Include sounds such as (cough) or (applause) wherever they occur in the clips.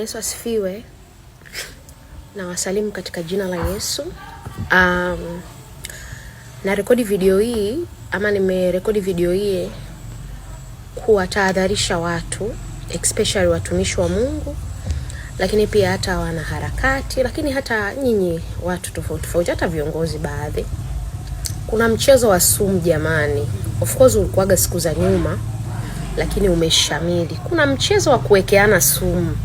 Yesu asifiwe na wasalimu katika jina la Yesu. Um, na rekodi video hii ama nimerekodi video hii kuwatahadharisha watu especially watumishi wa Mungu, lakini pia hata wanaharakati, lakini hata nyinyi watu tofauti tofauti, hata viongozi baadhi. Kuna mchezo wa sumu jamani, of course ulikuwaga siku za nyuma, lakini umeshamili. Kuna mchezo wa kuwekeana sumu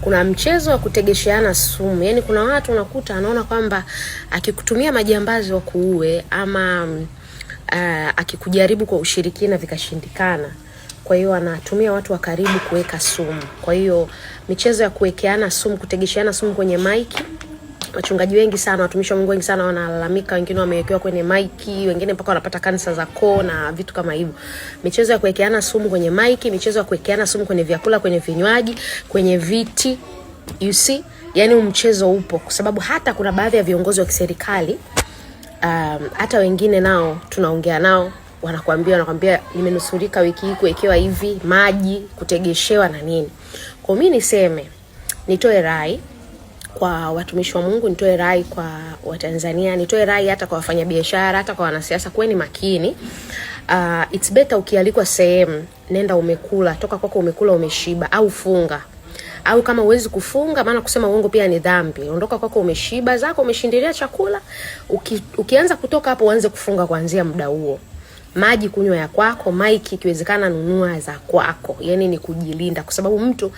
kuna mchezo wa kutegesheana sumu. Yani kuna watu unakuta anaona kwamba akikutumia majambazi wa kuue ama uh, akikujaribu kwa ushirikina vikashindikana kwa hiyo anatumia watu wa karibu kuweka sumu. Kwa hiyo michezo ya kuwekeana sumu, kutegesheana sumu kwenye maiki wachungaji wengi sana, watumishi wa Mungu wengi sana wanalalamika, wengine wamewekewa kwenye maiki, wengine mpaka wanapata kansa za koo na vitu kama hivyo. Michezo ya kuwekeana sumu kwenye maiki, michezo ya kuwekeana sumu kwenye vyakula, kwenye vinywaji, kwenye viti, you see, yani mchezo upo, kwa sababu hata kuna baadhi ya viongozi wa kiserikali um, hata wengine nao tunaongea nao wanakwambia wanakwambia, nimenusurika wiki hii kuwekewa hivi maji, kutegeshewa na nini. Kwa mimi niseme, nitoe rai kwa watumishi wa Mungu, nitoe rai kwa Watanzania, nitoe rai hata kwa wafanyabiashara, hata kwa wanasiasa, kuweni makini. Uh, it's better ukialikwa sehemu, nenda umekula, toka kwako umekula, umeshiba, au funga au kama huwezi kufunga, maana kusema uongo pia ni dhambi. Ondoka kwako umeshiba zako, umeshindilia chakula. Uki, ukianza kutoka hapo uanze kufunga kuanzia muda huo maji kunywa ya kwako, maiki ikiwezekana nunua za kwako. Yani ni kujilinda, kwa sababu mtu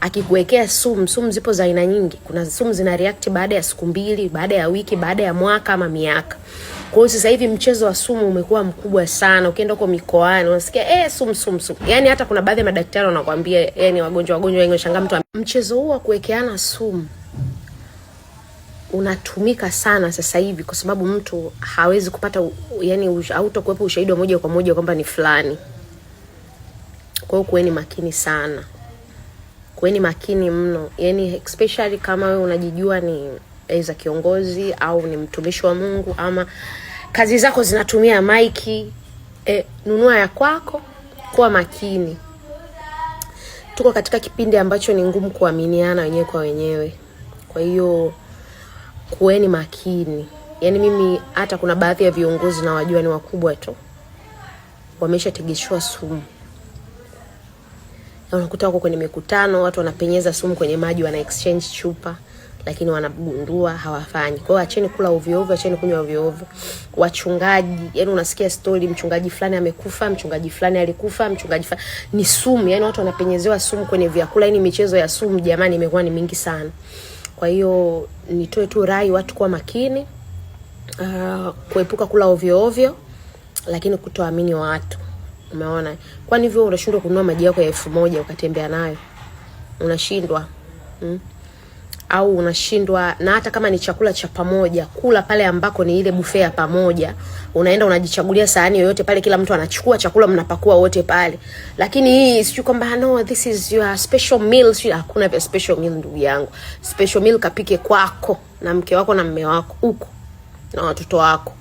akikuwekea sumu, sumu zipo za aina nyingi. Kuna sumu zina react baada ya siku mbili, baada ya wiki, baada ya mwaka ama miaka. Kwa hiyo sasa hivi mchezo wa sumu umekuwa mkubwa sana. Ukienda huko mikoani unasikia eh, sumu sumu sumu. Yani hata kuna baadhi ya madaktari wanakuambia, yani wagonjwa wagonjwa wengi washangaa mtu mchezo huu wa kuwekeana sumu unatumika sana sasa hivi kwa sababu mtu hawezi kupata yani, hautakuwepo ushahidi wa moja kwa moja kwamba ni fulani. Kwa hiyo kuweni makini sana, kuweni makini mno, yani especially kama wewe unajijua ni aidha eh, kiongozi au ni mtumishi wa Mungu ama kazi zako zinatumia maiki e, nunua ya kwako. Kuwa makini, tuko katika kipindi ambacho ni ngumu kuaminiana wenyewe kwa wenyewe, kwa hiyo kuweni makini. Yaani mimi hata kuna baadhi ya viongozi na wajua ni wakubwa tu wameshategeshwa sumu, na unakuta wako kwenye mikutano, watu wanapenyeza sumu kwenye maji, wana exchange chupa, lakini wanagundua hawafanyi. Kwa hiyo acheni kula ovyo ovyo, acheni kunywa ovyo ovyo. Wachungaji, yani unasikia story, mchungaji fulani amekufa, mchungaji fulani alikufa, mchungaji fulani ni sumu, yani watu wanapenyezewa sumu kwenye vyakula. Yani michezo ya sumu jamani imekuwa ni mingi sana. Kwa hiyo nitoe tu rai watu kuwa makini, uh, kuepuka kula ovyo ovyo, lakini kutoamini watu. Umeona, kwani hivyo unashindwa kununua maji yako ya elfu moja ukatembea nayo, unashindwa mm? au unashindwa na hata kama ni chakula cha pamoja, kula pale ambako ni ile bufe ya pamoja, unaenda unajichagulia sahani yoyote pale, kila mtu anachukua chakula, mnapakua wote pale. Lakini hii sio kwamba no this is your special meal, sio. Hakuna vya special meal, ndugu yangu. Special meal kapike kwako na mke wako na mme wako huko na watoto wako.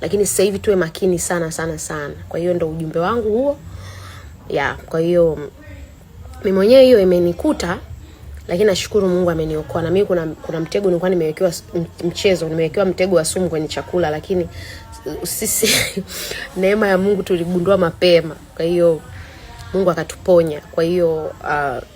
Lakini sasa hivi tuwe makini sana sana sana. Kwa hiyo ndo ujumbe wangu huo ya yeah. Kwa hiyo mimi mwenyewe hiyo imenikuta lakini nashukuru Mungu ameniokoa. Na mimi kuna, kuna mtego nilikuwa nimewekewa mchezo, nimewekewa mtego wa sumu kwenye chakula, lakini sisi (laughs) neema ya Mungu tuligundua mapema, kwa hiyo Mungu akatuponya. Kwa hiyo uh,